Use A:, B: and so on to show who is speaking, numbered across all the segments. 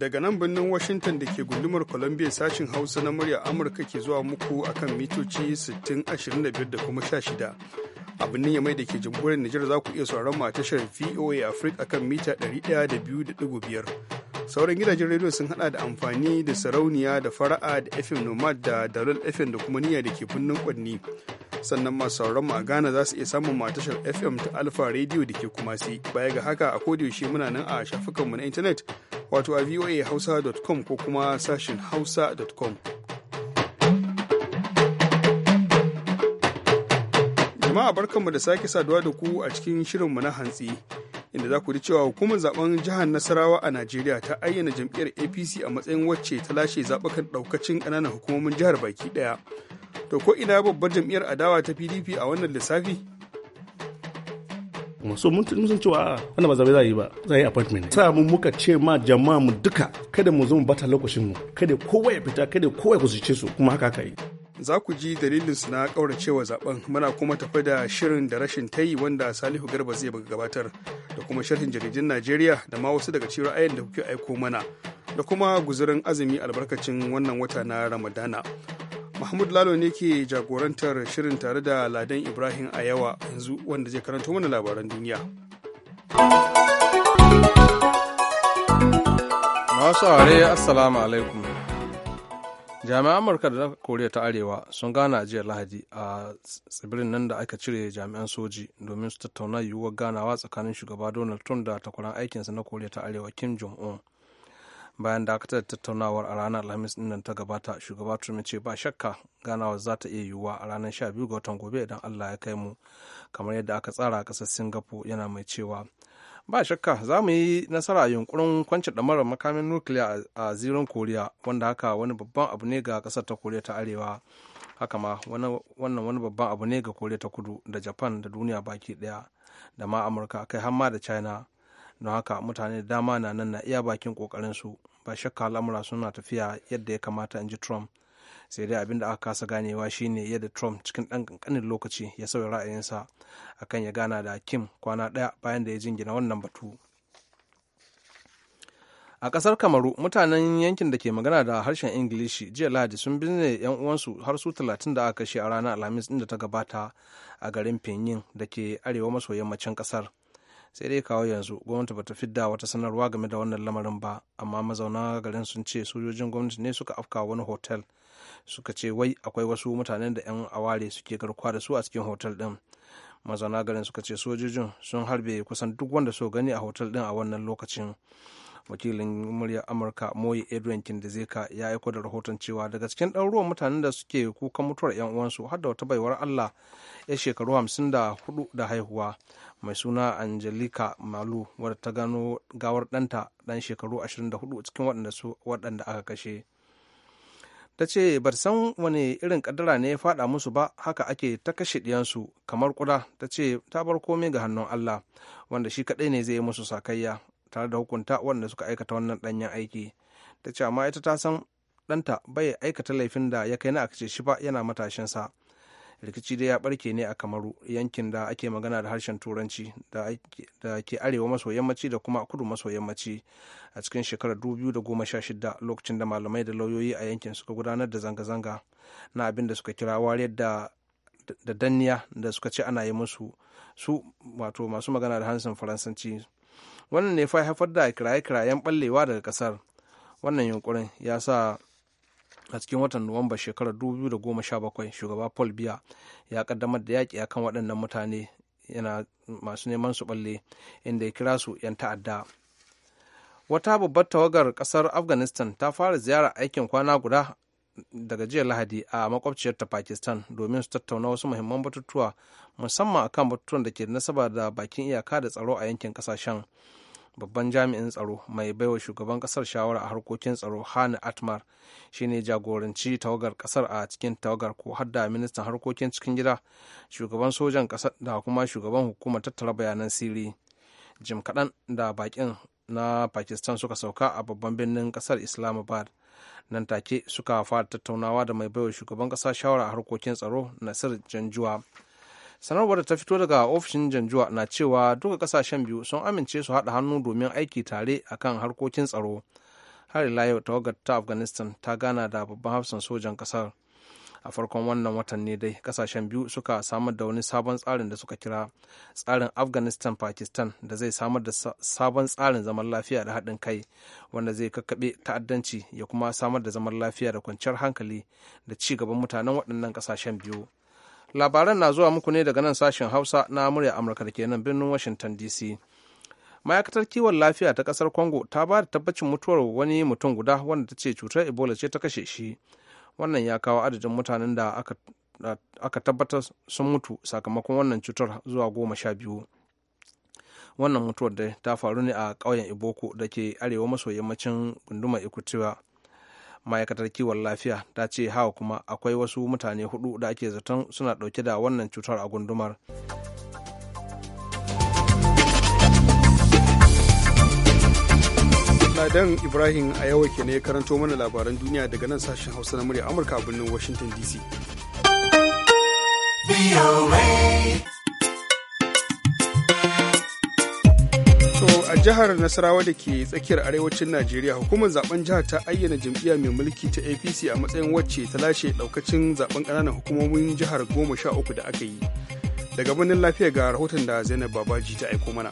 A: daga nan birnin washington da ke gundumar columbia sashin hausa na murya amurka ke zuwa muku akan mitoci 6025 da kuma 16 a birnin yamai da ke jamhuriyar nijar za ku iya sauran mu a tashar voa africa akan mita 102.5 sauran gidajen rediyo sun hada da amfani da sarauniya da fara'a da fm nomad da dalol fm da kuma niyya da ke birnin kwanni sannan masu sauran mu a Ghana za su iya samun matashar FM ta Alpha Radio da ke kuma si baya ga haka a kodiyaushe muna nan a shafukanmu na intanet wato a voahausa.com ko kuma sashin hausa.com. jama'a barkanmu da sake saduwa da ku a cikin shirin mu na hantsi inda za ku ji cewa hukumar zaben jihar nasarawa a najeriya ta ayyana jam'iyyar apc a matsayin wacce ta lashe zaɓukan ɗaukacin ƙananan hukumomin jihar baki ɗaya to ko ina babbar jam'iyyar adawa ta pdp a wannan lissafi so mun san cewa wanda ba zabe za yi ba
B: za yi appointment sa mun muka ce ma jama'a mu duka kada mu zo mu bata lokacin mu kada kowa ya fita kada kowa ya kusurce su kuma haka aka yi
A: za ku ji dalilin su na kauracewa zaben muna kuma tafi da shirin da rashin ta yi wanda Salihu Garba zai buga gabatar da kuma sharhin jaridun Najeriya da ma wasu daga cikin ra'ayin da kuke aiko mana da kuma guzurin azumi albarkacin wannan wata na Ramadana Mahmud Lalo ne ke jagorantar shirin tare da Ladan Ibrahim a yawa yanzu wanda zai karanto mana labaran duniya.
C: Masu are Assalamu alaikum. Jami'an Amurka da Koriya ta Arewa sun gana jiya Lahadi a tsibirin nan da aka cire jami'an soji domin su tattauna yiwuwar ganawa tsakanin shugaba Donald Trump da takwaran aikinsa na Koriya ta Arewa Kim Jong-un. bayan dakatar tattaunawar a ranar alhamis din nan ta gabata shugaba trump ce ba shakka ganawa za ta iya yiwuwa a ranar sha 12 ga watan gobe idan allah ya kai mu kamar yadda aka tsara a kasar singapore yana mai cewa ba shakka za mu yi nasara a yunkurin kwance ɗamarar makamin nukiliya a zirin koriya wanda haka wani babban abu ne ga kasar ta koriya ta arewa haka ma wannan wani babban abu ne ga koriya ta kudu da japan da duniya baki ɗaya da ma amurka kai har ma da china don haka mutane da dama na nan na iya bakin kokarin su ba shakka al'amura suna tafiya yadda ya kamata in ji trump sai dai abin da aka kasa ganewa shine yadda trump cikin ɗan ƙanƙanin lokaci ya sauya ra'ayinsa akan ya gana da kim kwana ɗaya bayan da ya jingina wannan batu a kasar kamaru mutanen yankin da ke magana da harshen ingilishi jiya lahadi sun binne yan uwansu har su talatin da aka kashe a ranar alhamis inda ta gabata a garin pinyin da ke arewa maso yammacin kasar. sai dai kawo yanzu gwamnati bata da wata sanarwa game da wannan lamarin ba amma mazauna garin sun ce sojojin gwamnati ne suka afka wani hotel suka ce wai akwai wasu mutanen da 'yan aware suke garkuwa da su a cikin hotel din mazauna garin suka ce sojojin sun harbe kusan duk wanda so gani a hotel din a wannan lokacin wakilin muryar amurka moye edwin kindezeka ya aiko da rahoton cewa daga cikin ɗaruruwan mutanen da suke kukan mutuwar 'yan uwansu har da wata baiwar allah ya shekaru hamsin da hudu da haihuwa mai suna angelica malu wadda ta gano gawar ɗanta ɗan shekaru 24 cikin waɗanda aka kashe ta ce bar san wani irin kaddara ne ya faɗa musu ba haka ake ta kashe ɗiyansu kamar kuda ta ce ta bar komai ga hannun allah wanda shi kaɗai ne zai yi musu sakayya tare da hukunta waɗanda suka aikata wannan ɗanyen aiki ta ce amma ita ta san ɗanta bai aikata laifin da ya kai na a kace shi ba yana matashinsa rikici dai ya barke ne a kamaru yankin da ake magana da harshen turanci da ke arewa maso yammaci da kuma kudu maso yammaci a cikin shekarar 2016 lokacin da malamai da lauyoyi a yankin suka gudanar da zanga-zanga na abin da suka kira wariyar da danniya da suka ce ana yi musu su wato masu magana da hansun faransanci wannan ne fa haifar da kiraye-kirayen ballewa daga kasar wannan yunkurin ya sa a cikin watan nuwamba shekarar 2017 shugaba paul biya ya kaddamar da yaƙi akan waɗannan mutane yana masu neman su balle inda ya kira su 'yan ta'adda wata babbar tawagar ƙasar afghanistan ta fara ziyara aikin kwana guda daga jiya lahadi a makwabciyar ta pakistan domin su tattauna wasu muhimman batutuwa musamman akan batutuwan da ke nasaba da bakin iyaka da tsaro a yankin kasashen babban jami'in tsaro mai baiwa shugaban kasar shawara a harkokin tsaro hani atmar shine jagoranci tawagar kasar a cikin tawagar ko hadda ministan harkokin cikin gida shugaban sojan kasar da kuma shugaban hukumar tattara bayanan sirri jim kaɗan da baƙin na pakistan suka sauka a babban birnin kasar islamabad nan take suka fara tattaunawa da mai baiwa shugaban kasa shawara a harkokin tsaro nasir janjuwa sanarwar da ta fito daga ofishin janjuwa na cewa duka kasashen biyu sun amince su haɗa hannu domin aiki tare a kan harkokin tsaro har ila yau tawagar ta afghanistan ta gana da babban hafsan sojan ƙasar a farkon wannan watan ne dai kasashen biyu suka samar da wani sabon tsarin da suka kira tsarin afghanistan pakistan da zai samar da sabon tsarin zaman lafiya da haɗin kai wanda zai kakkaɓe ta'addanci ya kuma samar da zaman lafiya da kwanciyar hankali da ci gaban mutanen waɗannan kasashen biyu labaran na zuwa muku ne daga nan sashen hausa na murya amurka da ke birnin washington dc ma'aikatar kiwon lafiya ta kasar congo ta ba da tabbacin mutuwar wani mutum guda wanda ta ce cutar ebola ce ta kashe shi wannan ya kawo adadin mutanen da aka, tabbatar sun mutu sakamakon wannan cutar zuwa goma sha biyu wannan mutuwar da ta faru ne a ƙauyen iboko da ke arewa maso yammacin gunduma ikutiwa ma'aikatar kiwon lafiya ta ce hawa kuma akwai wasu mutane hudu da ake zaton suna dauke da wannan cutar a gundumar
A: ladan ibrahim a yawa ke ne karanto mana labaran duniya daga nan sashen hausa na murya amurka a birnin washington dc a jihar Nasarawa da ke tsakiyar arewacin Najeriya hukumar zaben jihar ta ayyana jam'iyya mai mulki ta APC a matsayin wacce ta lashe daukacin zaben ƙananan hukumomin jihar goma sha uku da aka yi. Daga birnin lafiya ga rahoton da Zainab Babaji ta aiko mana.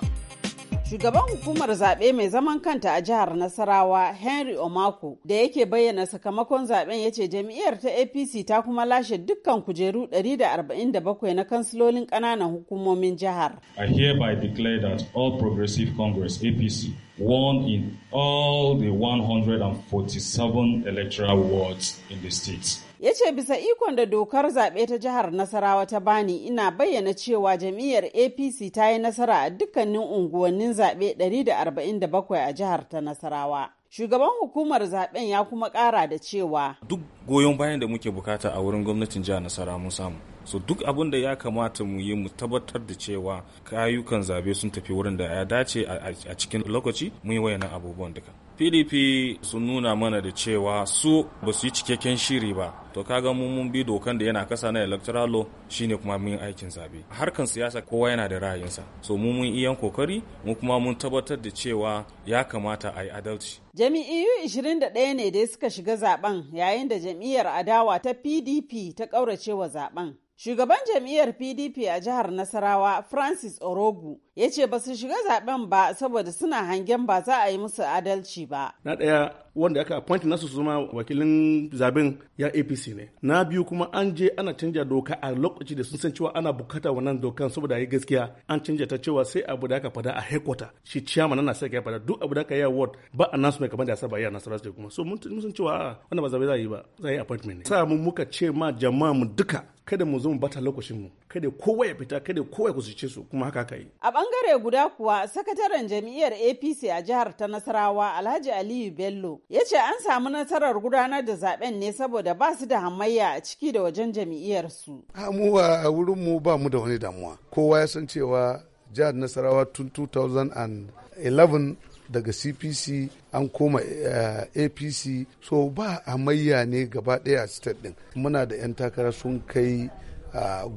D: Shugaban hukumar zaɓe mai zaman kanta a jihar Nasarawa Henry Omako da yake bayyana sakamakon zaɓen ya ce jam'iyyar ta APC ta kuma lashe dukkan kujeru 147 na kansilolin ƙananan hukumomin
E: jihar. I hereby declare that all Progressive Congress APC won in all the 147 electoral wards in the state.
D: ya ce bisa ikon da dokar zaɓe ta jihar nasarawa ta bani ina bayyana cewa jam'iyyar apc ta yi nasara a dukkanin unguwannin zaɓe 147 a jihar ta nasarawa shugaban hukumar zaben ya kuma ƙara da cewa duk
E: goyon bayan da muke bukata a wurin gwamnatin jihar nasara mun samu so duk abin da ya kamata mu yi mu tabbatar da cewa kayukan zabe sun tafi wurin da ya dace a cikin lokaci mu yi wayannan abubuwan duka pdp sun nuna mana da cewa su ba su yi cikakken shiri ba to kaga mu mun bi dokan da yana kasa na electoral law shine kuma mun aikin zabe harkan siyasa kowa yana da ra'ayinsa so mu mun iyan kokari mu kuma mun tabbatar da cewa ya kamata a yi adalci
D: jami'u 21 ne dai suka shiga zaben yayin da jam'iyyar adawa ta pdp ta kaurace wa zaben Shugaban jam'iyyar PDP a jihar Nasarawa Francis Orogu ya ce ba su shiga zaben ba saboda suna hangen ba za a yi musu adalci ba.
B: Na ɗaya wanda aka appoint nasu su zama wakilin zaben ya APC ne. Na biyu kuma an je ana canja doka a lokaci da sun san cewa ana bukata wannan dokan saboda yi gaskiya an canja ta cewa sai abu da aka fada a hekwata shi mana na sai ya fada duk abu da aka yi award ba a mai kamar da ya saba yi a Nasarawa State kuma so mun san cewa wannan ba zabe za a yi ba za a yi appointment ne. Sa mu muka ce ma jama'a mu duka kada mu zo mu bata lokacinmu kada kowa ya fita kada kowa ya kusurce su kuma haka yi.
D: a bangare guda kuwa sakataren jam'iyyar apc a jihar ta nasarawa alhaji aliyu bello ya ce an samu nasarar gudanar da zaben ne saboda ba su da hamayya a ciki da wajen jam'iyyar su
B: a mu a wurin mu ba mu da wani damuwa kowa ya san cewa jihar nasarawa tun 2011 daga cpc an koma eh, apc so ba a mayya ne gaba ɗaya a state ɗin muna da 'yan takara sun kai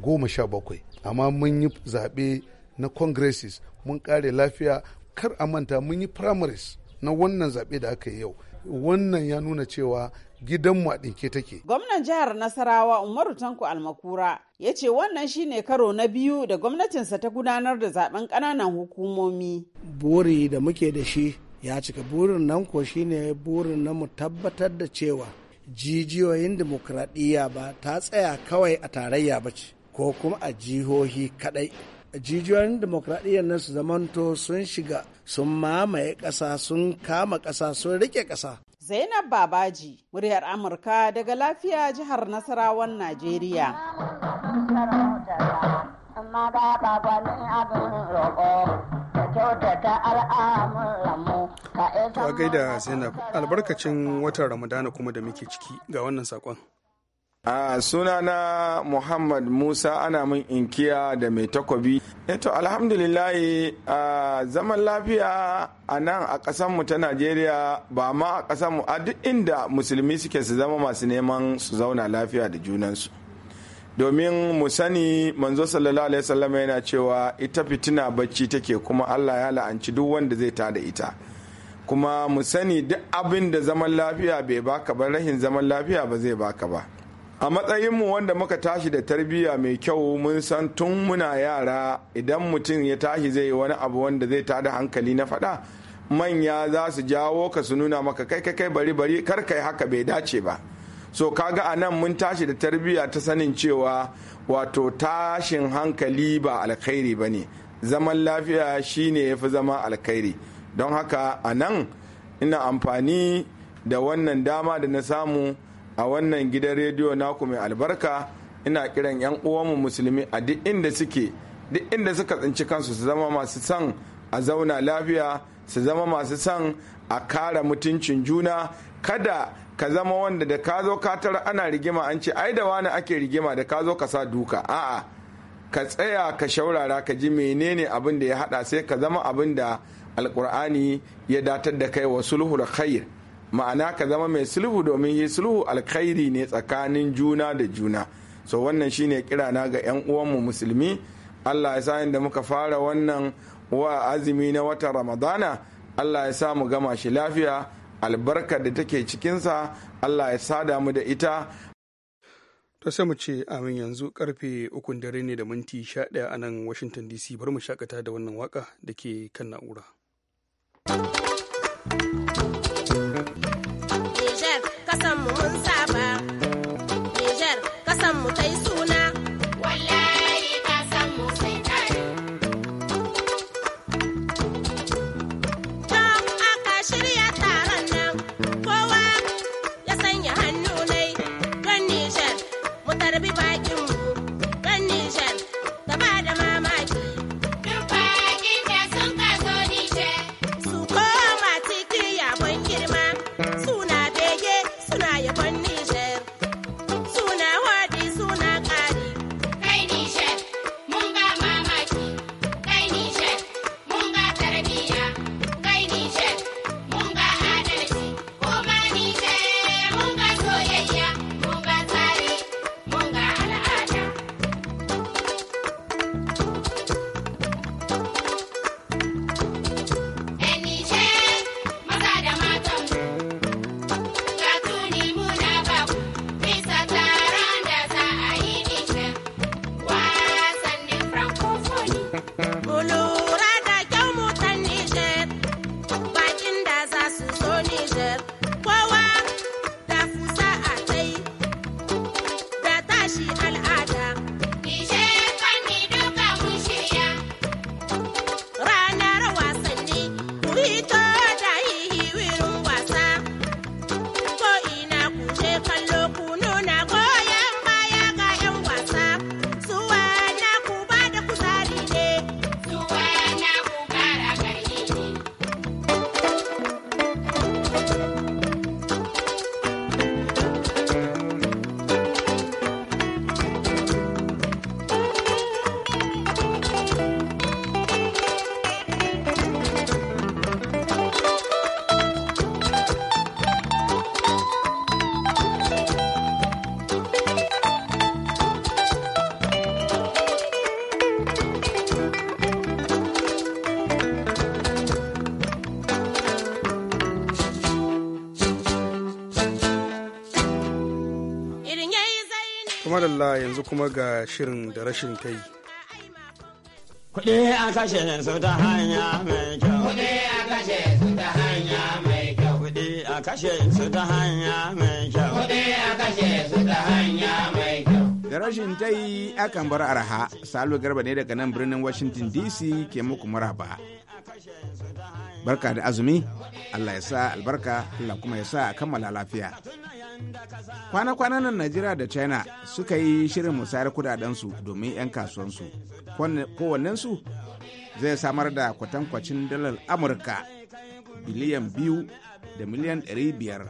B: goma sha bakwai amma mun yi zaɓe na congresses mun kare lafiya kar a manta mun yi primaries na wannan zaɓe da aka yi yau wannan ya nuna cewa gidanmu a ɗinke take.
D: Gwamnan jihar Nasarawa Umaru Tanko Almakura ya ce wannan shi ne karo na biyu da gwamnatinsa ta gudanar da zaben ƙananan hukumomi.
B: Buri da muke da shi ya cika burin nan ko shi ne burin na mu tabbatar da cewa jijiyoyin dimokuraɗiyya ba ta tsaya kawai a tarayya ba ce ko kuma a jihohi kaɗai. jijiyoyin demokradiyyar nan su zamanto sun shiga sun mamaye ƙasa sun kama
D: ƙasa sun rike ƙasa Zainab Babaji, muryar Amurka daga lafiya jihar Nasarawan Najeriya. Amma
A: gaida Zainab albarkacin watan Ramadana kuma da muke ciki ga wannan saƙon.
F: a sunana muhammad musa ana min inkiya da mai takobi eto eh alhamdulillahi a zaman lafiya a nan a ƙasanmu ta najeriya ba ma a ƙasanmu a duk inda musulmi suke su zama masu neman su zauna lafiya da junansu domin mu sani manzo sallallahu alaihi wasallam yana cewa ita fitina bacci take kuma allah ya la'anci duk wanda zai tada ita kuma mu sani duk abin da zaman lafiya bai baka ba rahin zaman lafiya ba zai baka ba a matsayinmu wanda muka tashi da tarbiyya mai kyau mun san tun muna yara idan mutum ya tashi zai yi wani abu wanda zai tada hankali na faɗa manya za su jawo ka su nuna maka kai kai bari bari kar kai haka bai dace ba so kaga a nan mun tashi da tarbiyya ta sanin cewa wato tashin hankali ba alkhairi ba ne zaman lafiya shi ne ya fi zama alkhairi don haka a nan ina amfani da wannan dama da na samu a wannan gidan rediyo naku mai albarka ina kiran 'yan uwanmu musulmi a duk inda suke duk inda suka tsinci kansu su zama masu son a zauna lafiya su zama masu son a kara mutuncin juna kada ka zama wanda da ka zo ka tara ana rigima an ce ai da wani ake rigima da ka zo ka sa duka a'a ka tsaya ka shaurara ka ji menene abin da ya hada sai ka zama abin da alkur'ani ya datar da kai wa sulhul khair ma'ana ka zama mai sulhu domin yi sulhu alkhairi ne tsakanin juna da juna so wannan shine kirana ga 'yan uwanmu musulmi allah ya sa da muka fara wannan wa azumi na wata ramadana allah ya sa mu gama shi lafiya albarka da take cikinsa allah ya sada mu da ita
A: ta sai mu ce amin yanzu karfe ukun dare ne da minti 11 a nan washington dc bari mu shakata da wannan waka da ke kan na'ura madalla yanzu kuma ga shirin da rashin ta yi. Kuɗi a kashe su ta hanya
G: mai kyau. Kuɗi a kashe su ta hanya mai kyau. Kuɗi a kashe su ta hanya mai kyau. Kuɗi
H: a kashe su ta hanya
G: mai kyau.
I: Da rashin ta yi akan bar araha, Salo Garba ne daga nan birnin Washington DC ke muku maraba. Barka da azumi, Allah ya sa albarka, Allah kuma ya sa a kammala lafiya. kwana-kwanan nan najeriya da china suka yi shirin musayar kudadensu domin 'yan kasuwansu kowannensu zai samar da kwatankwacin dalar amurka biliyan biyu da miliyan biyar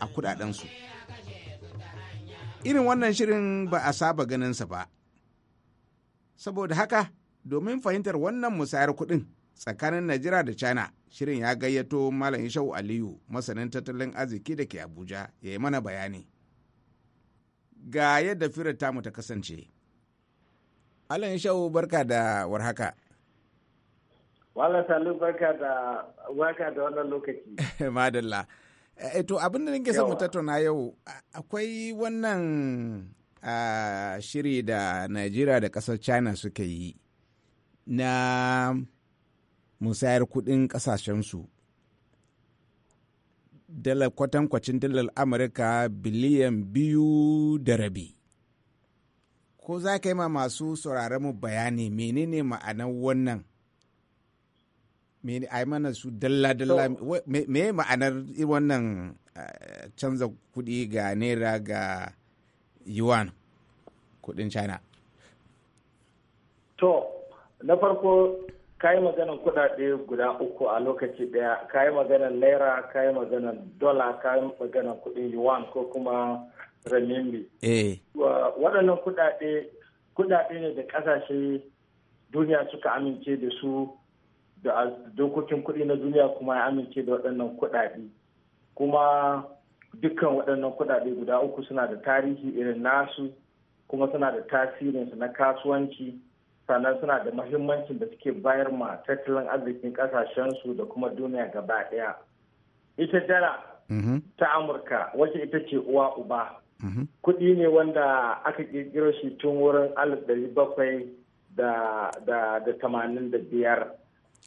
I: a kudadensu irin wannan shirin ba a saba ganin sa ba saboda haka domin fahimtar wannan musayar kudin tsakanin najeriya da china shirin ya gayyato malam shau aliyu masanin tattalin arziki da ke abuja ya yi mana bayani ga yadda firar tamu ta kasance alan ishau barka da warhaka
G: wala salu barka da waka da wannan
H: lokaci
I: madalla eh, to abinda nake son samu tattauna yau akwai wannan shiri da najeriya da kasar china suka yi na musayar kuɗin kasashensu. dala kwatankwacin dalar Amurka biliyan biyu da rabi. Ko za ka yi ma masu mu bayani menene ma'anar wannan? a yi mana su dalla-dalla me ma'anar wannan eh, canza kuɗi ga naira ga yuan kuɗin china?
H: To,
G: na farko ka yi maganan kuɗaɗe guda uku a lokaci ɗaya kayi yi maganan naira ka maganan dola ka yi maganan kudin yuan ko kuma renminbi eh. waɗannan kuɗaɗe kudade ne da ƙasashe duniya suka amince da su da dokokin kuɗi na duniya kuma ya amince da waɗannan kuɗaɗe kuma dukkan waɗannan kuɗaɗe guda uku suna da tarihi irin nasu kuma suna da tasirinsu na kasuwanci sannan suna da mahimmancin da suke bayar ma tattalin arzikin kasashensu da kuma duniya gaba ɗaya ita dala mm-hmm. ta amurka wacce ita ce uwa uba mm-hmm. kuɗi ne wanda aka ƙirƙiro shi tun wurin alif bakwai da tamanin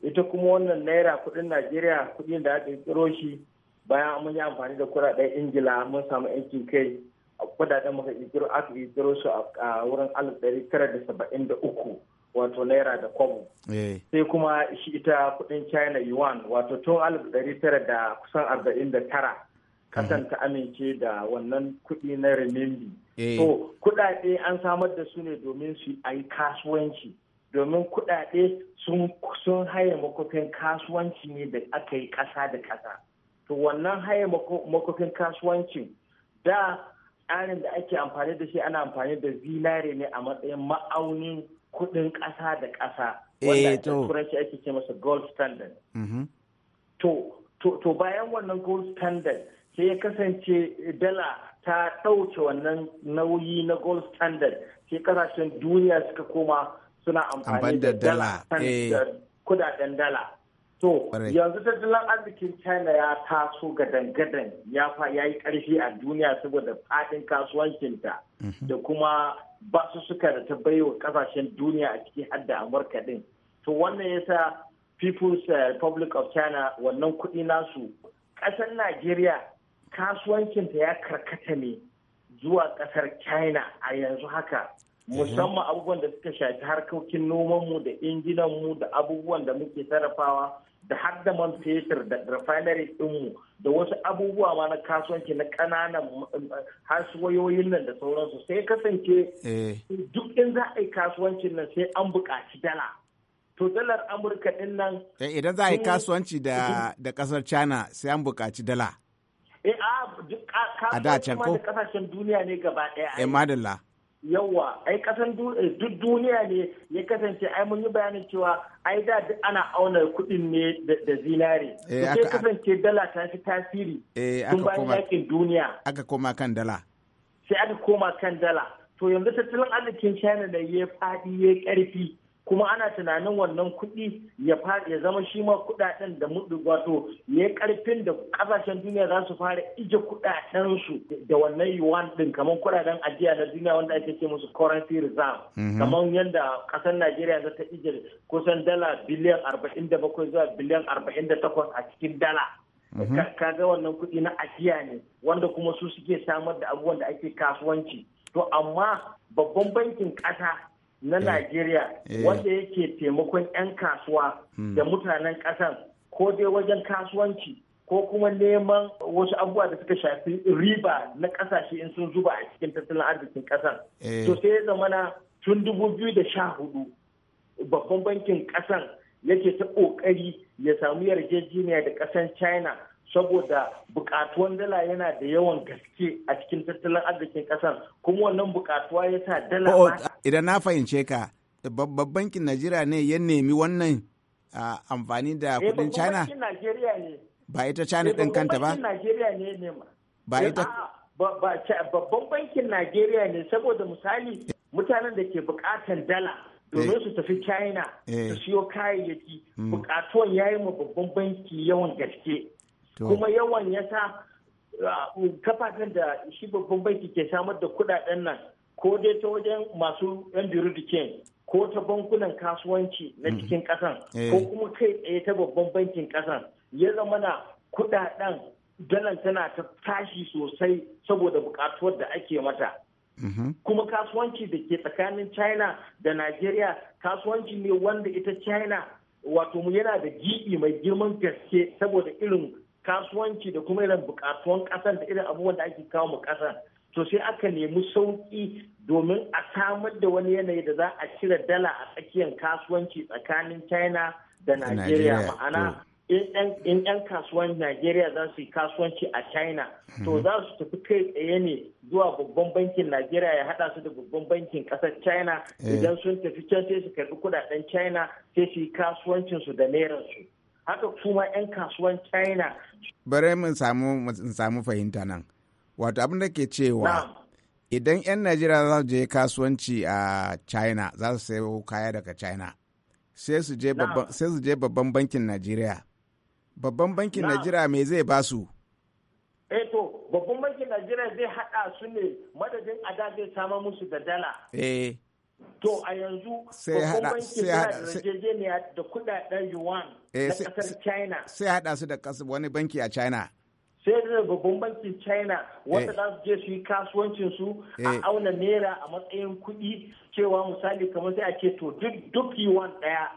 G: ita kuma wannan naira kuɗin najeriya kuɗin da aka ƙirƙiro shi bayan mun yi amfani da kuɗaɗen ingila mun samu yankin kai kudaden muka kirkiro aka kirkiro su a wurin alif ɗari tara da saba'in da uku wato naira da kwabo eh. sai kuma shi ita kudin china yuan wato tun alif dari tara da kusan arba'in da tara kasan mhm. ta amince da wannan kudi na renminbi eh. to kudade an samar da su ne domin su yi kasuwanci domin kudade sun haye makofin kasuwanci ne da aka yi kasa da kasa to wannan haye makofin kasuwanci. da tsarin da ake amfani da shi ana amfani da zinare ne a matsayin ma'aunin kudin kasa da kasa eh, wanda turanci ake ce masa gold standard mm-hmm. to bayan wannan gold standard sai ya kasance dala ta ɗauke wannan nauyi na gold standard sai kasashen duniya suka koma suna amfani da dala eh. kudaden dala to yanzu tattalin arzikin china ya taso gadan-gadan ya yi ƙarfi a duniya saboda fadin kasuwancinta mm-hmm. da kuma suka da ta baiwa kasashen duniya a cikin hadda amurka din to wannan yasa people's eh, republic of china wannan kudi nasu ƙasar nigeria kasuwancinta ya karkata ne zuwa ƙasar china a yanzu haka mhm. musamman abubuwan da suka shafi harkokin noman mu da injinan mu da abubuwan da muke sarrafawa da har da man fetur da refinery dinmu da wasu abubuwa ma na kasuwanci na ƙananan mm, mm, hasuwayoyin nan da sauransu sai kasance eh. duk in za a yi kasuwancin nan sai an buƙaci dala to dalar amurka din nan eh,
I: idan za a yi kasuwanci da kasar uhuh. china sai an buƙaci dala
G: eh, a da can ko kasashen duniya ne gaba ɗaya eh madalla yawa ai kasan eh, duk duniya ne ya kasance ai mun yi bayanin cewa ai da ana auna kuɗin ne da zinare eh, sai kasance dala ta fi tasiri
I: eh, tun bayan yakin duniya aka koma kan dala
G: sai aka koma kan dala to yanzu tattalin arzikin china da ya faɗi ya karfi. kuma ana tunanin wannan kuɗi ya zama shi ma kuɗaɗen da wato ya karfin da ƙasashen duniya za su fara ije kuɗaɗensu da wannan yuwan ɗin kamar kuɗaɗen ajiya na duniya wanda ake ce musu currency reserve mhm. kamar yadda ƙasar Najeriya za ta ije kusan dala biliyan arba'in da bakwai zuwa biliyan arba'in da takwas a cikin dala mhm. kaga wannan kuɗi na ajiya ne wanda kuma su suke samar da abubuwan da ake kasuwanci to amma babban bankin ƙasa na eh. Najeriya eh. wanda yake taimakon 'yan kasuwa hmm. da mutanen ƙasan ko dai wajen kasuwanci ko kuma neman wasu abubuwa da suka shafi riba na ƙasashe in sun zuba a cikin tattalin arzikin ƙasan. Eh. To sai ya zamana tun dubu biyu da sha hudu babban bankin ƙasan yake ta ƙoƙari ya samu yarjejeniya da ƙasan China saboda bukatuwan dala yana da yawan gaske a cikin tattalin arzikin ƙasan kuma wannan bukatuwa ya sa dala oh, oh,
I: idan na fahimce ka babban bankin najeriya ne ya nemi wannan amfani da eh, kudin china ba ita china din eh, kanta ba
G: ba eh, ita babban bankin najeriya ne saboda misali mutanen da ke bukatan dala domin su tafi china su siyo kayayyaki hmm. bukatuwan ya yi ma babban banki yawan gaske kuma yawan ya sa kafafen da shi babban banki ke samar da kudaden nan ko dai ta wajen masu yan biririkin ko ta bankunan kasuwanci na mm-hmm. cikin kasan ko eh. kuma kai tsaye ta babban bankin kasan ya zama na kudaden dalan tana ta tashi sosai saboda bukatuwar da ake mata mm-hmm. kuma kasuwanci da ke tsakanin china da nigeria kasuwanci ne wanda ita china wato yana da gibi mai girman gaske saboda irin kasuwanci da kuma irin bukatuwan kasan da irin abubuwan da ake kawo mu kasan to sai aka nemi sauƙi domin a samar da wani yanayi da za a cire dala a tsakiyar kasuwanci tsakanin china da nigeria ma'ana in 'yan kasuwan nigeria za su yi kasuwanci a china to mhm. za su tafi kai tsaye ne zuwa babban bankin nigeria ya hada su da babban bankin kasar china eh. idan sun tafi can sai su karbi kudaden china sai su yi kasuwancinsu da su haka kuma 'yan kasuwan china
I: bare mun samu fahimta nan wato abin da ke cewa idan 'yan najeriya za su je kasuwanci a china za su sayo kaya daga china sai su je babban bankin najeriya babban bankin najeriya me zai ba su
G: eh to babban bankin najeriya zai hada su ne madadin ada zai samar musu da dala eh To a yanzu babban bankin yana da da kudaden yuan eh, na kasar China.
I: Sai hada su da wani banki a China.
G: sai da babban bankin china wanda eh. za su je su yi kasuwancin su a eh. auna naira a matsayin kuɗi cewa misali kamar sai a ce to duk yuwan ɗaya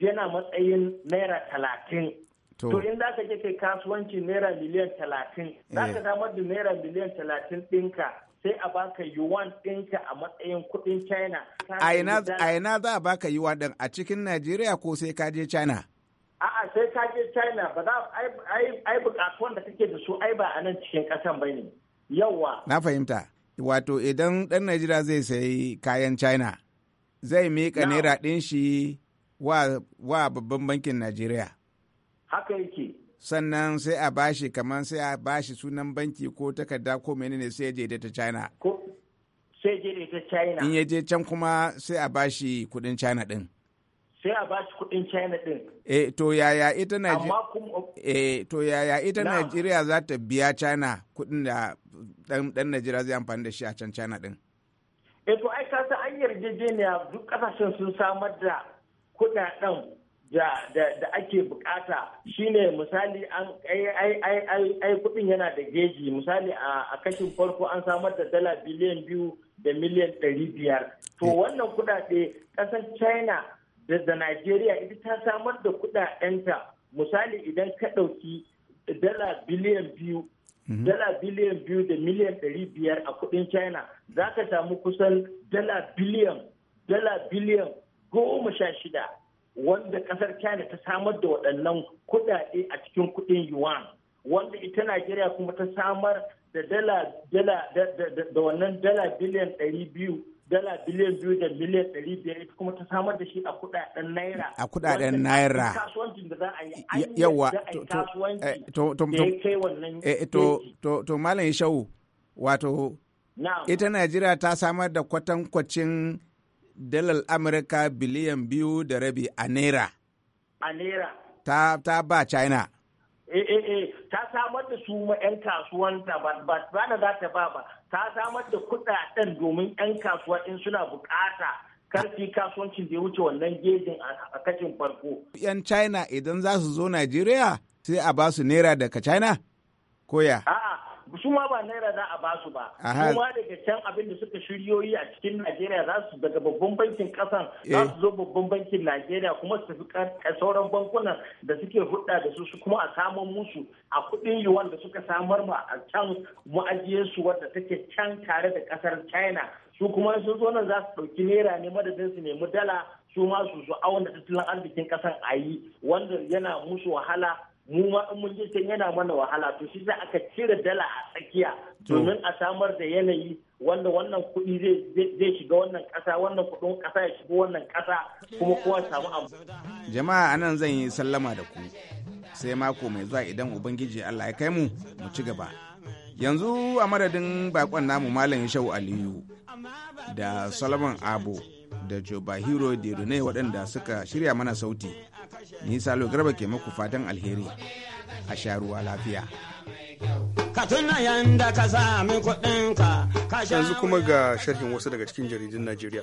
G: yana matsayin naira talatin to in za ka je kai kasuwancin naira miliyan talatin za ka eh. samar da naira miliyan talatin ɗinka sai a baka yuwan ɗinka a matsayin kuɗin china a
I: ina za a baka yuwan ɗin a cikin najeriya ko sai ka je china
G: a'a sai ka je china ba za ai bukatuwan da kake da su ai ba a nan cikin kasan ba ne yawa
I: na fahimta wato idan dan najeriya zai sayi kayan china zai mika naira ɗin shi wa babban bankin najeriya
G: haka yake
I: sannan sai a bashi kamar sai a bashi sunan banki ko takarda ko menene sai ya je ta china
G: sai je ta china in
I: ya je can kuma sai a bashi kuɗin china ɗin
G: sai a ba shi kuɗin China ɗin.
I: Eh to yaya ita oh. eh, Najeriya za ta biya China kuɗin da dan dan Najeriya zai amfani da shi a can China ɗin.
G: Eh to ai ka san an yarjejeniya duk kasashen sun samar da kuɗaɗen da ake bukata shine misali an ai ai kuɗin yana da geji misali a kashin farko an samar da dala biliyan biyu da miliyan ɗari biyar to eh. wannan kuɗaɗe ƙasar China da Najeriya ita ta samar da kudadenta misali idan ka ɗauki dala biliyan biyu mhm. dala biliyan biyu da miliyan ɗari biyar a kudin China za ka samu kusan dala biliyan dala biliyan goma sha shida wanda kasar China ta samar da waɗannan kudade a cikin kudin yuan wanda ita Najeriya kuma ta samar da wannan dala biliyan ɗari biyu dala biliyan biyu da miliyan ɗari biyar ita kuma ta samar da shi a kuɗaɗen naira. A
I: kuɗaɗen naira.
G: Kasuwancin da za a yi. Yawa. Eh, to to to
I: eh, to malam Shau wato. Ita Najeriya ta samar da kwatankwacin dalar Amurka biliyan biyu da rabi a naira. A naira. Ta ta ba China.
G: Eh eh eh ta samar da su ma 'yan kasuwanta ba ba za ta ba ba ta samar da kudaden domin 'yan kasuwa in suna bukata karfi kasuwancin da ya wuce wannan gejin a kashin farko.
I: 'Yan China idan za su zo Najeriya sai a ba su naira daga China? Koya?
G: A'a, su ma ba naira za a basu ba kuma daga can abin da suka shiryoyi a cikin Najeriya za su daga babban bankin kasan za eh. su zo babban bankin Najeriya kuma su tafi sauran bankunan da suke hudda da su su kuma a samun musu a kudin yuwan da suka samar ma a can ma'ajiyarsu wadda take can tare da kasar China su kuma sun zo nan za su ɗauki naira ne madadin su nemi dala su ma su su auna tattalin arzikin kasan ayi wanda yana musu wahala mu ma in mun je can yana mana wahala to shi sai aka cire dala a tsakiya domin a samar da yanayi wanda wannan kuɗi zai shiga wannan ƙasa wannan kuɗin ƙasa ya shiga wannan ƙasa kuma kowa samu abu.
I: jama'a anan zan yi sallama da ku sai mako mai zuwa idan ubangiji allah ya kai mu mu ci gaba yanzu a madadin bakon namu malam shau aliyu da solomon abu da Jobahiro Derune waɗanda suka shirya mana sauti. Ni Salo Garba ke muku fatan alheri a sha
G: lafiya. Ka tuna yanda ka sami kuɗinka. Yanzu
A: kuma ga sharhin wasu daga cikin jaridun Najeriya.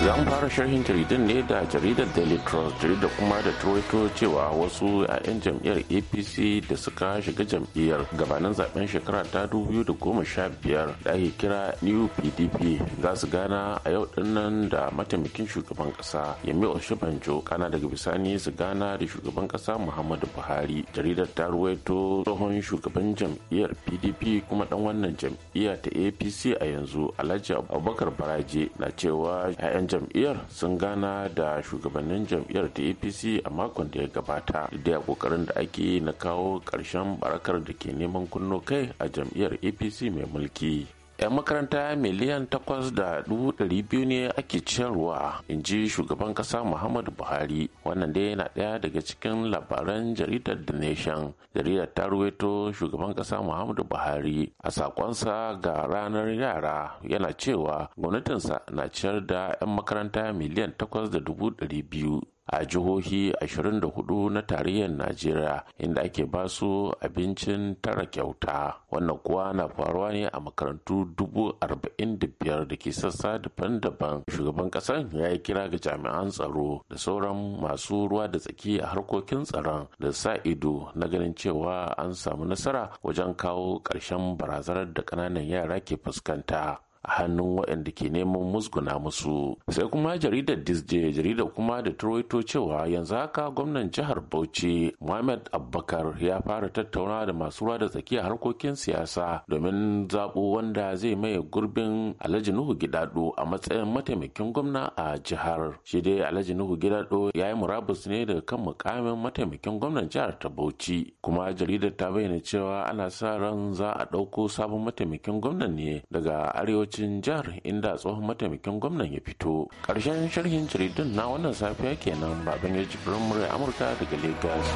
E: zan fara sharhin jaridun ne da jaridar daily trust jarida kuma da turaito cewa wasu a 'yan jam'iyyar apc da suka shiga jam'iyyar gabanin zaben shekara ta 2015 da ake kira new pdp za su gana a yau dinnan da mataimakin shugaban kasa yami oshibanjo kana daga bisani su gana da shugaban kasa muhammadu buhari jaridar ta ruwaito tsohon shugaban jam'iyyar pdp kuma dan wannan jam'iyya ta apc a yanzu alhaji abubakar baraje na cewa 'ya'yan jam'iyyar sun gana da shugabannin jam'iyyar ta apc a makon da ya gabata da kokarin da ake na kawo ƙarshen barakar da ke neman kunno kai a jam'iyyar apc mai mulki 'yan makaranta miliyan takwas da dubu biyu ne ake ciyarwa in ji shugaban kasa muhammadu buhari wannan dai yana ɗaya daga cikin labaran jaridar the nation jaridar ta ruwaito shugaban kasa muhammadu buhari a sakonsa ga ranar yara yana cewa gwamnatinsa na ciyar da 'yan makaranta miliyan takwas da dubu ɗari biyu a jihohi 24 na tarayyar najeriya inda ake ba su abincin tara kyauta wannan kuwa na faruwa ne a makarantu 45,000 da ke sassa daban-daban shugaban kasar ya yi kira ga jami'an tsaro da sauran masu ruwa da tsaki a harkokin tsaron da sa ido na ganin cewa an samu nasara wajen kawo ƙarshen barazanar da ƙananan yara ke fuskanta a hannun waɗanda ke neman musguna musu sai kuma jaridar disje jaridar kuma da turaito cewa yanzu haka gwamnan jihar bauchi muhammad abubakar ya fara tattauna da masu ruwa da tsakiya harkokin siyasa domin zaɓo wanda zai maye gurbin alhaji nuhu gidado a matsayin mataimakin gwamna a jihar shi dai alhaji nuhu gidado ya yi murabus ne daga kan mukamin mataimakin gwamnan jihar ta bauchi kuma jaridar ta bayyana cewa ana sa ran za a ɗauko sabon mataimakin gwamnan ne daga arewa arewacin jihar inda tsohon mataimakin gwamnan ya fito ƙarshen sharhin jaridun na wannan safiya kenan baban ya jibirin murai amurka daga lagos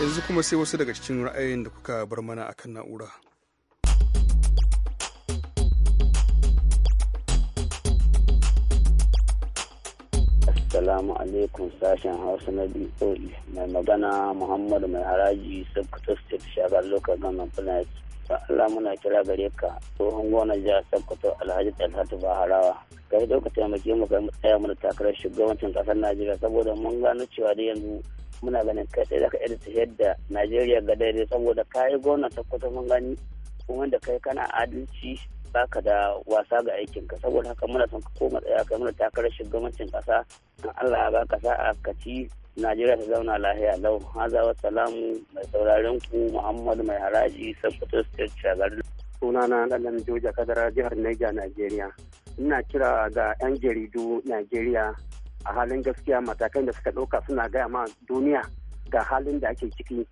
A: yanzu kuma sai wasu daga cikin ra'ayoyin da kuka bar mana akan na'ura
G: Assalamu alaikum sashen Hausa na BOE mai magana Muhammadu Mai Haraji Sabkutu State Shagar Local Government Planet ta Allah muna kira gare ka tsohon gonar jihar Sokoto Alhaji Talhatu Baharawa kai dauka taimake mu ga tsaya mu takarar shugabancin kasar Najeriya saboda mun gano cewa da yanzu muna ganin kai sai zaka iya yadda da Najeriya ga daidai saboda kai gonar Sokoto mun gani kuma da kai kana adalci baka da wasa ga aikinka saboda haka muna son ka koma tsaya ka muna takarar shugabancin kasa don Allah ya baka sa'a ka ci Najeriya ta zauna lahiya lau haza wa salamu mai sauraren ku Muhammad mai haraji Sokoto State suna na Dalam Joja Kadara jihar Niger Najeriya ina kira ga 'yan jaridu Najeriya a halin gaskiya matakan da suka ɗauka suna gaya ma duniya ga halin da ake ciki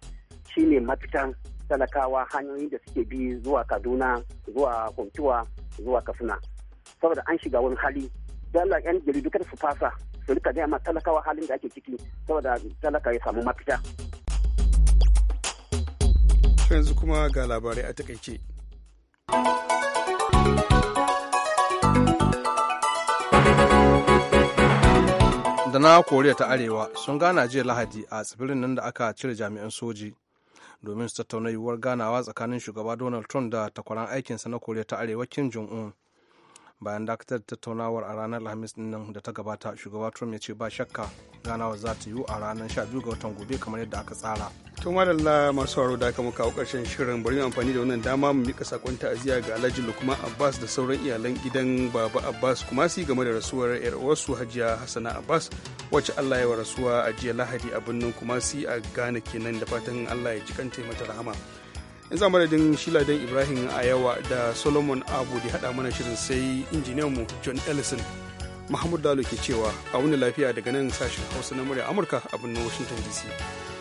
G: shine mafitan talakawa hanyoyin da suke bi zuwa kaduna zuwa kuntuwa zuwa kafuna saboda an shiga wani hali dala yan jaridu kada su fasa su rika gaya ma talakawa halin da ake ciki saboda talaka ya samu mafita
A: yanzu kuma ga labarai a takaice
C: da na koriya ta arewa sun gana jiya lahadi a tsibirin nan da aka cire jami'an soji domin su tattauna yiwuwar ganawa tsakanin shugaba donald trump da takwaran aikinsa na koriya ta arewa kim jong-un bayan dakatar da tattaunawar a ranar alhamis nan da ta gabata shugaba trump ya ce ba shakka ganawar za ta yiwu a ranar 12 ga watan gobe kamar yadda aka tsara
A: to wadalla masu haro da aka kawo karshen shirin bari mu amfani da wannan dama mu miƙa sakon ta'aziya ga alhaji lukman abbas da sauran iyalan gidan baba abbas kuma su game da rasuwar yar uwarsu hajiya hassana abbas wacce allah ya wa rasuwa a jiya lahadi a birnin kumasi a ke kenan da fatan allah ya ji kanta mata rahama yanzu madadin shiladen ibrahim ayawa da solomon abu da hada mana shirin sai injiniyanmu john ellison mahmud dalo ke cewa a wani lafiya daga nan sashen hausa na murya amurka a birnin washington dc